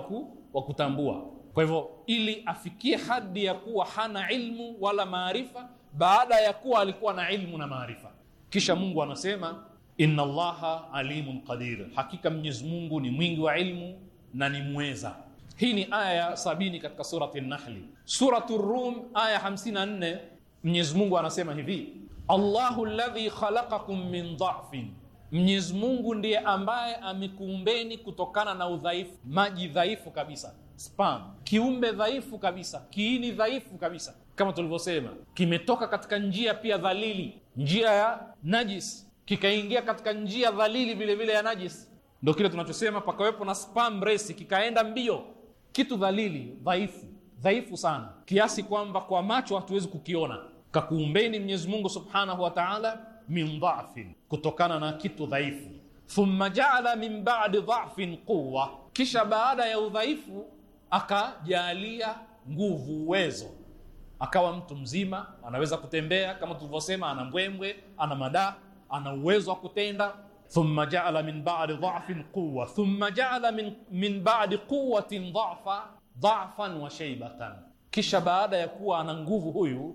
D: wa kutambua kwa hivyo ili afikie hadi ya kuwa hana ilmu wala maarifa baada ya kuwa alikuwa na ilmu na maarifa kisha mungu anasema inna allaha alimun qadir hakika mwenyezi mungu ni mwingi wa ilmu na ni mweza hii ni aya ya sabini katika surati Nahli. Suratu Rum aya 54, Mwenyezi Mungu anasema hivi, Allahu alladhi khalaqakum min dha'fin, Mwenyezi Mungu ndiye ambaye amekuumbeni kutokana na udhaifu, maji dhaifu kabisa, spam, kiumbe dhaifu kabisa, kiini dhaifu kabisa, kama tulivyosema, kimetoka katika njia pia dhalili, njia ya najis, kikaingia katika njia dhalili vile vile ya najis. ndo kile tunachosema pakawepo na spam race, kikaenda mbio kitu dhalili, dhaifu, dhaifu sana kiasi kwamba kwa macho hatuwezi kukiona. Kakuumbeni Mwenyezi Mungu Subhanahu wa Ta'ala min dha'fin, kutokana na kitu dhaifu. Thumma ja'ala min ba'di dha'fin quwwa, kisha baada ya udhaifu akajalia nguvu, uwezo, akawa mtu mzima, anaweza kutembea kama tulivyosema, ana mbwembwe, ana madaa, ana uwezo wa kutenda thumma jaala min baadi dha'fin quwwa thumma jaala min, min ba'di quwwatin dha'fa dha'fan wa shaybatan, kisha baada ya kuwa ana nguvu huyu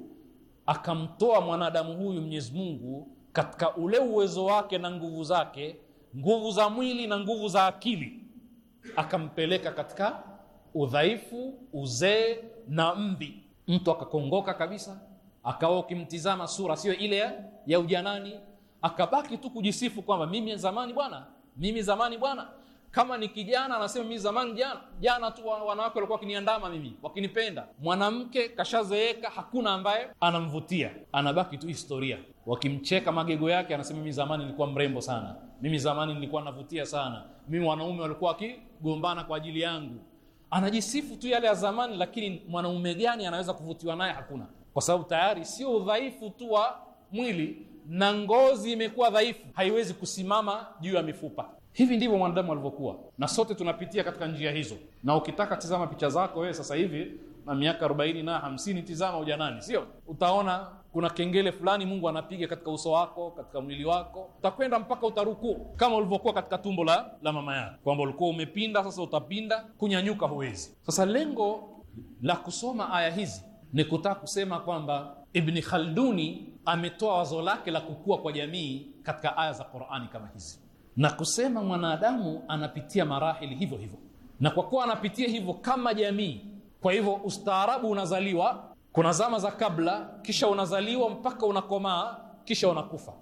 D: akamtoa mwanadamu huyu Mwenyezi Mungu katika ule uwezo wake na nguvu zake, nguvu za mwili na nguvu za akili, akampeleka katika udhaifu, uzee na mdhi. Mtu akakongoka kabisa, akawa ukimtizama sura sio ile ya ujanani akabaki tu kujisifu kwamba mimi zamani bwana mimi zamani bwana kama ni kijana anasema mimi zamani jana jana tu wanawake walikuwa wakiniandama mimi wakinipenda mwanamke kashazeeka hakuna ambaye anamvutia anabaki tu historia wakimcheka magego yake anasema mimi zamani nilikuwa mrembo sana mimi zamani nilikuwa navutia sana mimi wanaume walikuwa wakigombana kwa ajili yangu anajisifu tu yale ya zamani lakini mwanaume gani anaweza kuvutiwa naye hakuna kwa sababu tayari sio udhaifu tu wa mwili na ngozi imekuwa dhaifu, haiwezi kusimama juu ya mifupa. Hivi ndivyo mwanadamu alivyokuwa, na sote tunapitia katika njia hizo. Na ukitaka tizama picha zako wewe sasa hivi na miaka arobaini na hamsini, tizama ujanani, sio utaona kuna kengele fulani Mungu anapiga katika uso wako, katika mwili wako, utakwenda mpaka utaruku kama ulivyokuwa katika tumbo la, la mama yako, kwamba ulikuwa umepinda, sasa utapinda, kunyanyuka huwezi. Sasa lengo la kusoma aya hizi ni kutaka kusema kwamba Ibni Khalduni ametoa wazo lake la kukua kwa jamii katika aya za Qur'ani kama hizi, na kusema mwanadamu anapitia marahili hivyo hivyo, na kwa kuwa anapitia hivyo kama jamii, kwa hivyo ustaarabu unazaliwa, kuna zama za kabla, kisha unazaliwa mpaka unakomaa, kisha unakufa.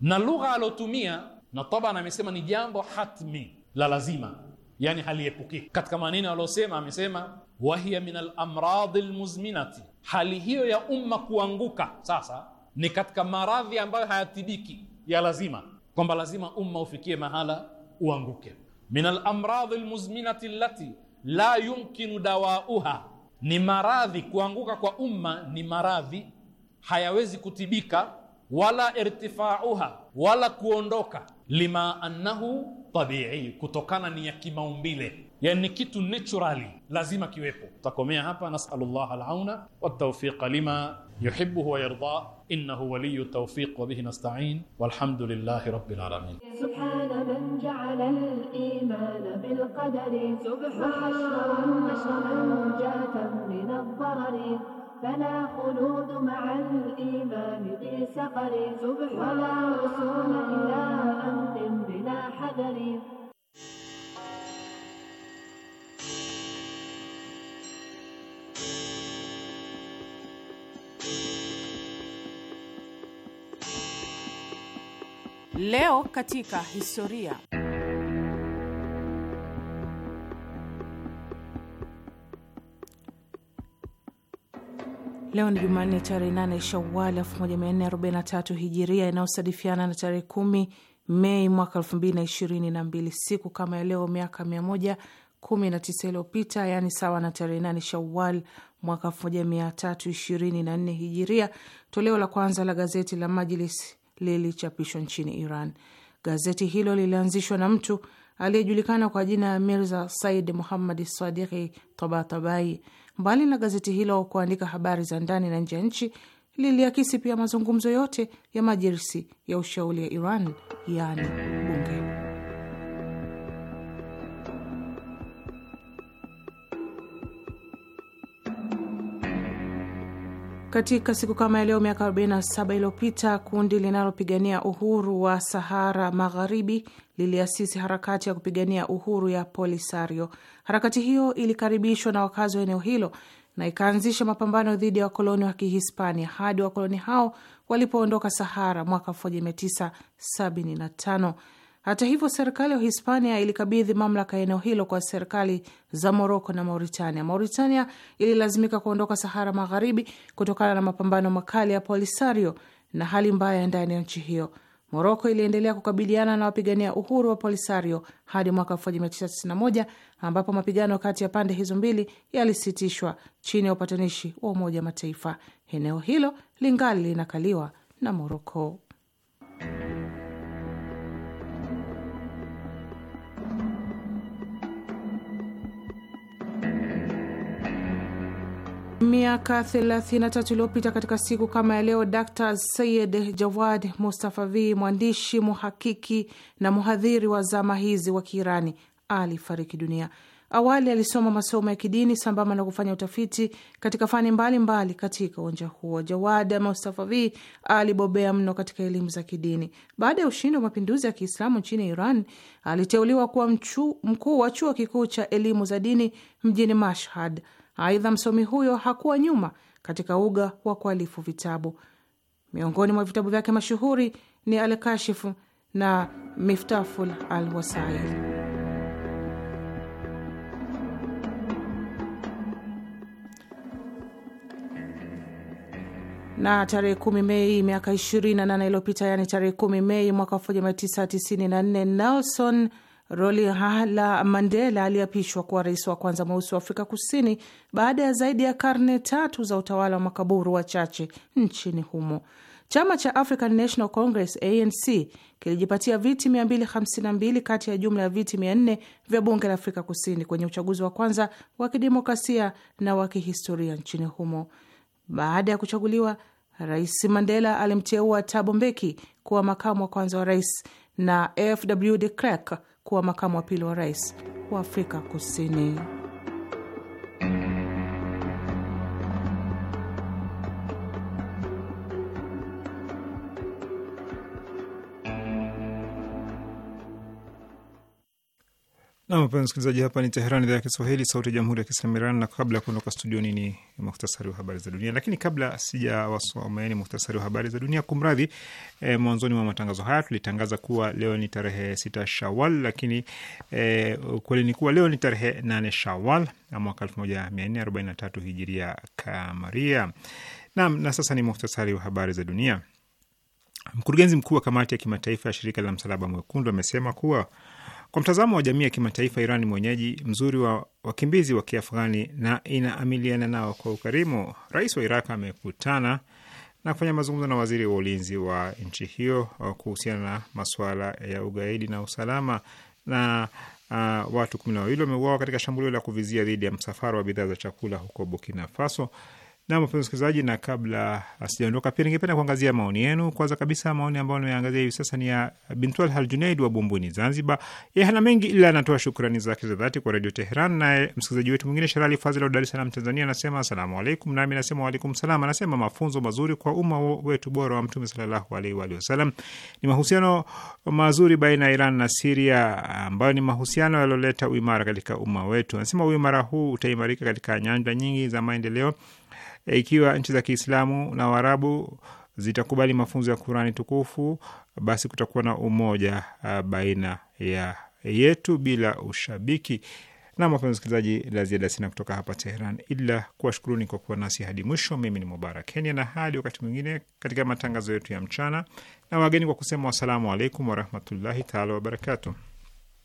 D: Na lugha alotumia na tabana amesema ni jambo hatmi la lazima yani haliepukiki. Katika maneno aliyosema amesema, wahiya min alamradhi lmuzminati hali hiyo ya umma kuanguka sasa ni katika maradhi ambayo hayatibiki ya lazima, kwamba lazima umma ufikie mahala uanguke. Min alamradhi lmuzminati allati la yumkinu dawauha, ni maradhi. Kuanguka kwa umma ni maradhi, hayawezi kutibika, wala irtifauha, wala kuondoka, lima annahu tabii, kutokana ni ya kimaumbile, yani kitu naturally lazima kiwepo. Takomea hapa. Nasalullah alauna watawfiqa lima yuhibbu wa yarda innahu waliyu tawfiq wa bihi nasta'in walhamdulillahi rabbil alamin.
E: Subhana man ja'ala al-iman bil qadari subhana jatan min ad-darari فلا خلود مع الإيمان في سقر سبحان
A: رسول إلى أن Leo
F: katika historia. Leo ni Jumanne tarehe 8 Shawal 1443 Hijiria inayosadifiana na tarehe kumi Mei mwaka elfu mbili na ishirini na mbili, siku kama ya leo miaka mia moja kumi na tisa iliyopita, yaani sawa na tarehe nane Shawal mwaka elfu moja mia tatu ishirini na nne hijiria, toleo la kwanza la gazeti la Majlis lilichapishwa nchini Iran. Gazeti hilo lilianzishwa na mtu aliyejulikana kwa jina ya Mirza Said Muhammad Sadiki Tabatabai. Mbali na gazeti hilo kuandika habari za ndani na nje ya nchi, liliakisi pia mazungumzo yote ya majilisi ya ushauri ya Iran, yani bunge. Katika siku kama ya leo miaka 47 iliyopita kundi linalopigania uhuru wa Sahara Magharibi liliasisi harakati ya kupigania uhuru ya Polisario. Harakati hiyo ilikaribishwa na wakazi wa eneo hilo na ikaanzisha mapambano dhidi ya wakoloni wa Kihispania hadi wakoloni hao walipoondoka Sahara mwaka 1975. Hata hivyo, serikali ya Hispania ilikabidhi mamlaka ya eneo hilo kwa serikali za Moroko na Mauritania. Mauritania ililazimika kuondoka Sahara Magharibi kutokana na mapambano makali ya Polisario na hali mbaya ndani ya nchi hiyo. Moroko iliendelea kukabiliana na wapigania uhuru wa Polisario hadi mwaka 1991 ambapo mapigano kati ya pande hizo mbili yalisitishwa chini ya upatanishi wa Umoja wa Mataifa. Eneo hilo lingali linakaliwa na Moroko. Miaka 33 iliyopita katika siku kama ya leo, Dr Sayed Jawad Mustafavi, mwandishi muhakiki na mhadhiri wa zama hizi wa Kiirani alifariki dunia. Awali alisoma masomo ya kidini sambamba na kufanya utafiti katika fani mbalimbali mbali katika uwanja huo. Jawad Mustafavi alibobea mno katika elimu za kidini. Baada ya ushindi wa mapinduzi ya Kiislamu nchini Iran, aliteuliwa kuwa mkuu wa chuo kikuu cha elimu za dini mjini Mashhad. Aidha, msomi huyo hakuwa nyuma katika uga wa kualifu vitabu. Miongoni mwa vitabu vyake mashuhuri ni Alkashifu na Miftaful al Wasail. na tarehe kumi Mei miaka 28 iliyopita, yani tarehe kumi Mei mwaka nne Nelson Rolihlahla Mandela aliapishwa kuwa rais wa kwanza mweusi wa Afrika Kusini baada ya zaidi ya karne tatu za utawala wa makaburu wachache nchini humo. Chama cha African National Congress ANC kilijipatia viti 252 kati ya jumla ya viti 400 vya bunge la Afrika Kusini kwenye uchaguzi wa kwanza wa kidemokrasia na wa kihistoria nchini humo. Baada ya kuchaguliwa, Rais Mandela alimteua Thabo Mbeki kuwa makamu wa kwanza wa rais na FW de Klerk kuwa makamu wa pili wa rais wa Afrika Kusini.
B: Nam msikilizaji, hapa ni teheran idhaa ya Kiswahili, sauti ya jamhuri ya kiislamu Iran. Na kabla ya kuondoka studioni, ni muhtasari wa habari za dunia, lakini kabla sijawasomeeni muhtasari wa habari za dunia, kumradhi, e, mwanzoni mwa matangazo haya tulitangaza kuwa leo ni tarehe sita Shawal, lakini e, ukweli ni kuwa leo ni tarehe nane Shawal mwaka elfu moja mia nne arobaini na tatu hijiria kamaria. Nam, na sasa ni muhtasari wa habari za dunia. Mkurugenzi mkuu wa kamati ya kimataifa ya shirika la msalaba mwekundu amesema kuwa kwa mtazamo wa jamii ya kimataifa, Iran ni mwenyeji mzuri wa wakimbizi wa Kiafghani na inaamiliana nao kwa ukarimu. Rais wa Iraq amekutana na kufanya mazungumzo na waziri wa ulinzi wa nchi hiyo uh, kuhusiana na masuala ya ugaidi na usalama na uh, watu kumi na wawili wameuawa katika shambulio la kuvizia dhidi ya msafara wa bidhaa za chakula huko Burkina Faso na mpenzi wasikilizaji, na kabla asijaondoka pia ningependa kuangazia maoni yenu. Kwanza kabisa maoni ambayo nimeangazia hivi sasa ni ya Hal Haljuneid wa Bumbuni, Zanzibar. Yeye hana mengi ila anatoa shukrani zake za dhati kwa Redio Teheran. Naye msikilizaji wetu mwingine Sherali Fazil wa Dar es Salaam, Tanzania anasema asalamu alaikum, nami nasema waalaikum salam. Anasema mafunzo mazuri kwa umma wetu bora wa Mtume sallallahu alaihi wa sallam ni mahusiano mazuri baina ya Iran na Siria, ambayo ni mahusiano yaliyoleta uimara katika umma wetu. Anasema uimara huu utaimarika katika nyanja nyingi za maendeleo Eh, ikiwa nchi za Kiislamu na Waarabu zitakubali mafunzo ya qurani tukufu, basi kutakuwa na umoja eh, baina ya yetu bila ushabiki. Na mapenzi msikilizaji, la ziada sina kutoka hapa Teheran ila kuwashukuruni kwa kuwa nasi hadi mwisho. Mimi ni Mubarak Kenya na hadi wakati mwingine katika matangazo yetu ya mchana, na wageni kwa kusema wassalamu alaikum warahmatullahi taala wabarakatu